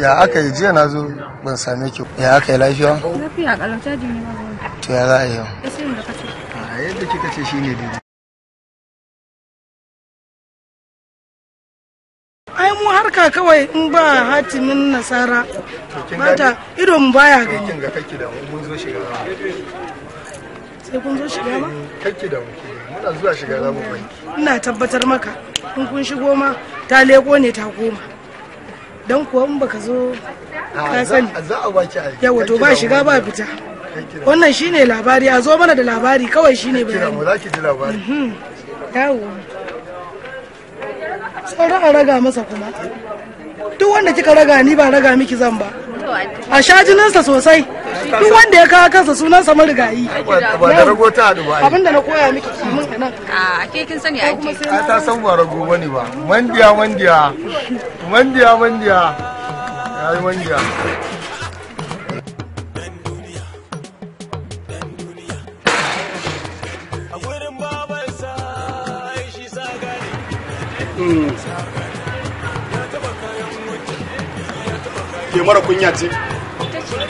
ya aka yi jiya na zo ban same ki ya aka yi lafiya lafiya kalauta caji ne ba to ya za a yi yau a yadda kika ce shine dai ai mu harka kawai in ba hatimin nasara mata ido mu baya gani kin ga kake da mun zo shiga sai kun zo shiga ba eh, kake da mu muna zuwa shiga za mu ina tabbatar maka in kun shigo ma ta leko ne ta goma. don kuwa in baka zo ka sani yawa to ba shiga ba fita wannan shine labari a zo mana da labari kawai shine bayani za ki ji labari mhm. yawo tsara a raga masa kuma duk wanda kika raga ni ba raga miki zan ba a sha jininsa sosai duk wanda ya kawo kansa sunan sa marigayi ba rago ta hadu ba abinda na koya miki kimin a nan a ke kin sani a ke ta san ba rago bane ba mandiya mandiya mandiya mandiya yayi mandiya hmm. ke mara kunya ce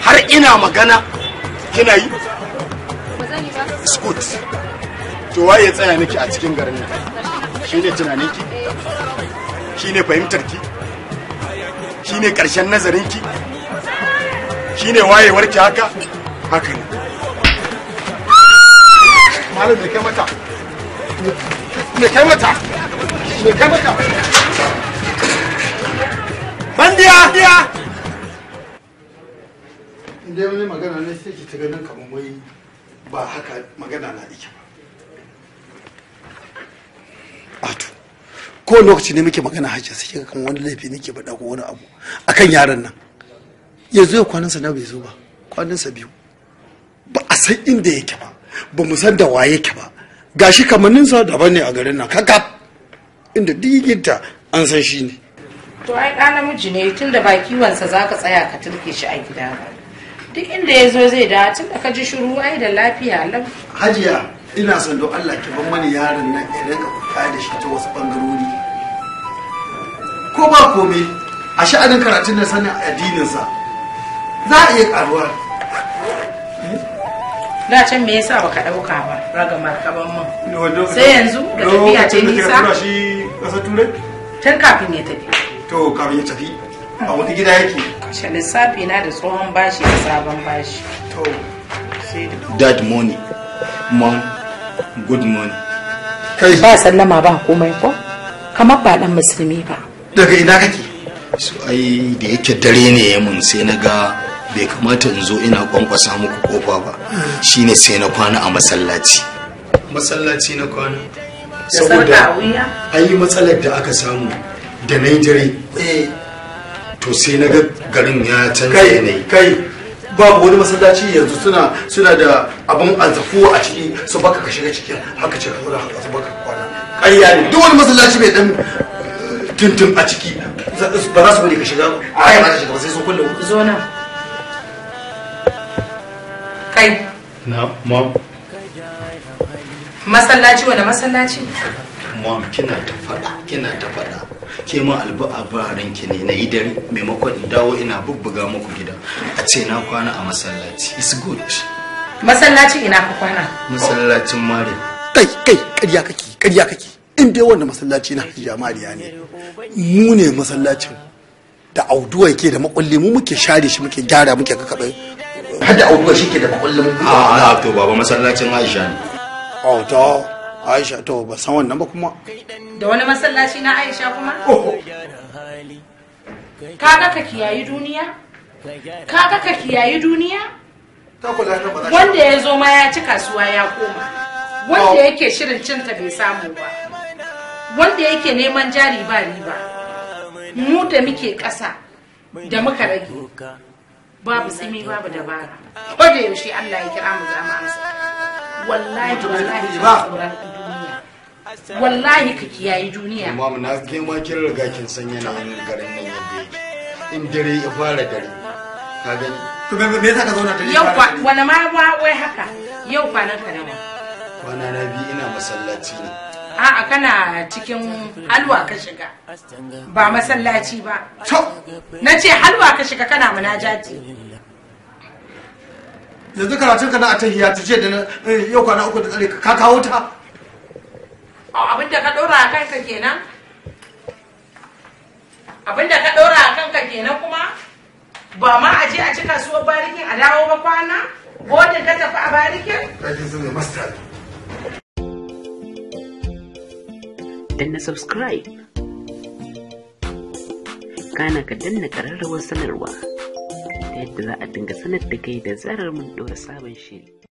har ina magana kina yi scoot to waye tsaya niki a cikin garin nan shine tunanin ki shine fahimtar ki shine karshen nazarin ki shine wayewar ki haka haka ne malam me kai mata me kai mata me kai mata bandiya dai wani magana ne sai ki ta ganin kamar wai ba haka magana na ike ba ato ko lokaci ne muke magana hajji sai kika kan wani laifi nake faɗa ko wani abu akan yaran nan yanzu ya kwanansa na bai zo ba kwanansa biyu ba a san inda yake ba ba mu san da waye yake ba gashi kamanninsa daban ne a garin nan kaka inda digita an san shi ne to ai ɗa namiji ne tun da ba kiwonsa za ka tsaya ka turke shi a gida ba duk inda ya zo zai da tun da ka ji shiru ai da lafiya lab. hajiya ina son don Allah ki ban mani yaron nan ya rinka kuka da shi ta wasu bangarori ko ba komai a sha'anin karatun da sanin addininsa za a iya karuwa da can me yasa baka dauka ba ragamar kaban man sai yanzu da tafiya ce nisa shi kasa turai tun kafin ya tafi to kafin ya tafi a wani gida yake ce lissafi na da tsohon bashi da sabon bashi dad money mom good money kai ba sallama ba komai ko kamar ba dan musulmi ba daga ina kake su ai da yake dare ne mun sai na ga bai kamata in zo ina kwankwasa muku kofa ba hmm. shine sai na kwana a masallaci masallaci na kwana saboda ayi matsalar da aka samu da na yi Nigeria to sai na ga garin ya canza yanayi kai babu wani masallaci yanzu suna suna da abin azafu a ciki su baka ka shiga cikin haka ce kura haka su baka kwana ƙarya ne duk wani masallaci mai dan tuntun a ciki ba za su bari ka shiga ai ba za shiga ba sai sun kulle zo na kai na ma masallaci wani masallaci mom kina ta faɗa kina ta faɗa ke ma albu a bararen ki ne na idare maimakon dawo ina bubbuga muku gida a ce na kwana a masallaci is good masallaci ina ka kwana masallacin mare kai kai ƙarya kake ƙarya kake in dai wannan masallaci na hajiya mariya ne mu ne masallacin da auduwa yake da makulli mu muke share shi muke gyara muke kakaɓe hada auduwa shi ke da makulli mu a ah, to baba masallacin aisha ne auto aisha to ba san wannan ba kuma da wani masallaci na aisha kuma kaga ka kiyayi duniya kaga ka kiyayi duniya wanda ya zo ma ya ci kasuwa ya koma wanda yake shirin cinta bai samu ba wanda yake neman jari ba riba mu da muke ƙasa da muka rage babu tsimi babu dabara ko da yaushe Allah ya kira mu za mu amsa wallahi wallahi ba wallahi ka kiyaye duniya imamu na kai ma kin riga kin san yanayin garin nan yadda yake in dare ya fara dare ka gani to me yasa ka zauna dare yau kwa wani ma wai haka yau kwanan ka nawa kwana na biyu ina masallaci ne a'a kana cikin halwa ka shiga ba masallaci ba to na ce halwa ka shiga kana munajati yanzu karatun ka na a tahiya tuje da eh, yau kwana uku da tsare ka kawo ta abin ka ɗora a kanka kenan ka ɗora a kanka kenan kuma ba ma a je a ci kasuwar barikin a dawo ba kwana godin ka tafi a barikin danna subscribe kana ka danna ƙararrawar sanarwa ta yadda za a dinga sanar da kai da zarar mun ɗora sabon shiri